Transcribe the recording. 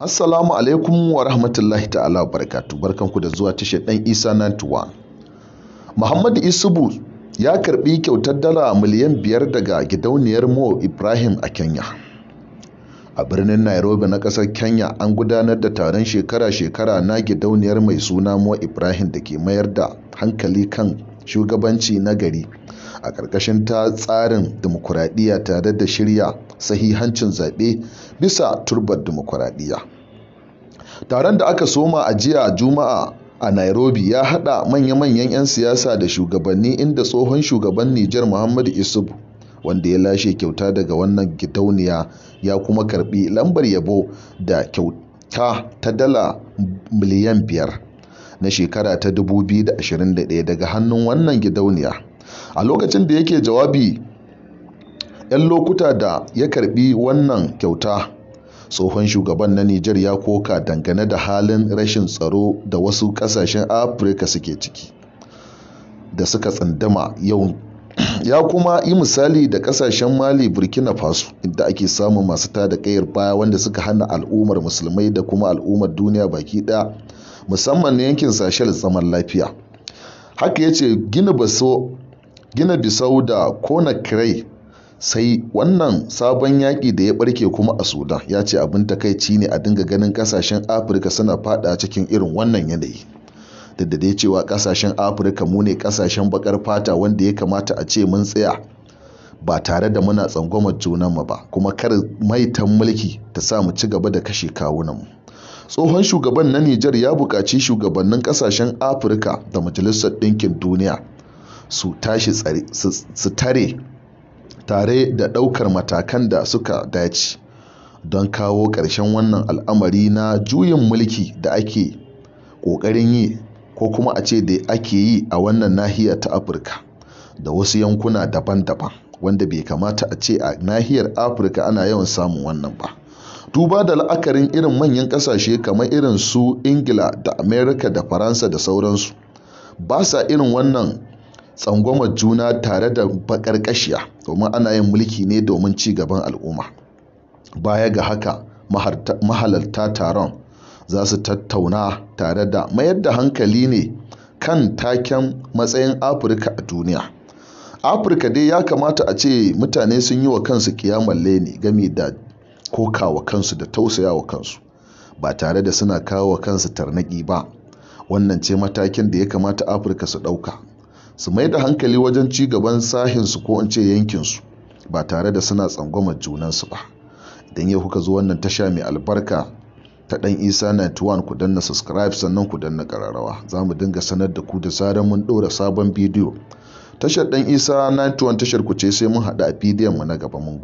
Assalamu alaikum wa rahmatullahi ta'ala barkatu barkanku da zuwa tashar dan Isa 91. Muhammad Isubu ya karbi kyautar dala miliyan biyar daga gidauniyar Mo Ibrahim a Kenya. A birnin Nairobi na ƙasar Kenya an gudanar da taron shekara-shekara na gidauniyar mai suna Mo Ibrahim da ke mayar da hankali kan shugabanci na gari a ƙarƙashin ta tsarin dimokuraɗiyya tare da shirya sahihancin zaɓe bisa turbar dimokuraɗiyya taron da aka soma a jiya juma'a a nairobi ya haɗa manya-manyan 'yan siyasa da shugabanni inda tsohon shugaban nijar muhammadu isubu wanda ya lashe kyauta daga wannan gidauniya ya kuma karbi lambar yabo da kyauta ta dala miliyan biyar na shekara ta 2021 daga hannun wannan gidauniya a lokacin da yake jawabi 'yan lokuta da ya karbi wannan kyauta tsohon shugaban na Nijar ya koka dangane da halin rashin tsaro da wasu kasashen afirka suke ciki da suka tsandama yau ya kuma yi misali da kasashen mali burkina faso inda ake samun masu tada kayar baya wanda suka hana al'ummar musulmai da kuma al'ummar duniya baki daya musamman na yankin sashel zaman lafiya haka ya ce gina baso Gina Bisau da kona sai wannan sabon yaƙi da ya ɓarke kuma a Sudan ya ce abin takaici ne a dinga ganin ƙasashen Afirka suna faɗa cikin irin wannan yanayi. Duk da dai cewa ƙasashen Afirka mu ne ƙasashen baƙar fata wanda ya kamata a ce mun tsaya ba tare da muna tsangwamar junanmu ba kuma kar maitan mulki ta sa mu ci gaba da kashe kawunanmu. Tsohon shugaban na Nijar ya buƙaci shugabannin ƙasashen Afirka da Majalisar Ɗinkin Duniya su tashi su tare tare da ɗaukar matakan da suka dace don kawo ƙarshen wannan al'amari na juyin mulki da ake ƙoƙarin yi ko kuma a ce da ake yi a wannan nahiyar ta afirka da wasu yankuna daban-daban wanda bai kamata a ce a nahiyar afirka ana yawan samun wannan ba duba da la'akarin irin manyan ƙasashe kamar irin su ingila da amerika da faransa da sauransu ba sa irin wannan tsangwamar juna tare da baƙar ƙashiya domin ana yin mulki ne domin ci gaban al'umma baya ga haka mahalarta taron za su tattauna tare da mayar da hankali ne kan taken matsayin afirka a duniya afirka dai ya kamata a ce mutane sun yi wa kansu kiyamar leni game da koka wa kansu da wa kansu ba tare da suna kawo wa kansu tarnaki ba wannan ce matakin da ya kamata afirka su ɗauka su mai da hankali wajen ci gaban sahinsu ko in ce yankinsu ba tare da suna tsangwama junansu ba idan yau kuka zo wannan tasha mai albarka ta dan isa 91 ku danna subscribe sannan ku danna kararrawa za mu dinga sanar da ku da zarar mun ɗora sabon bidiyo tashar dan isa 91 tashar ku ce sai mun haɗu a bidiyon mu na gaba mun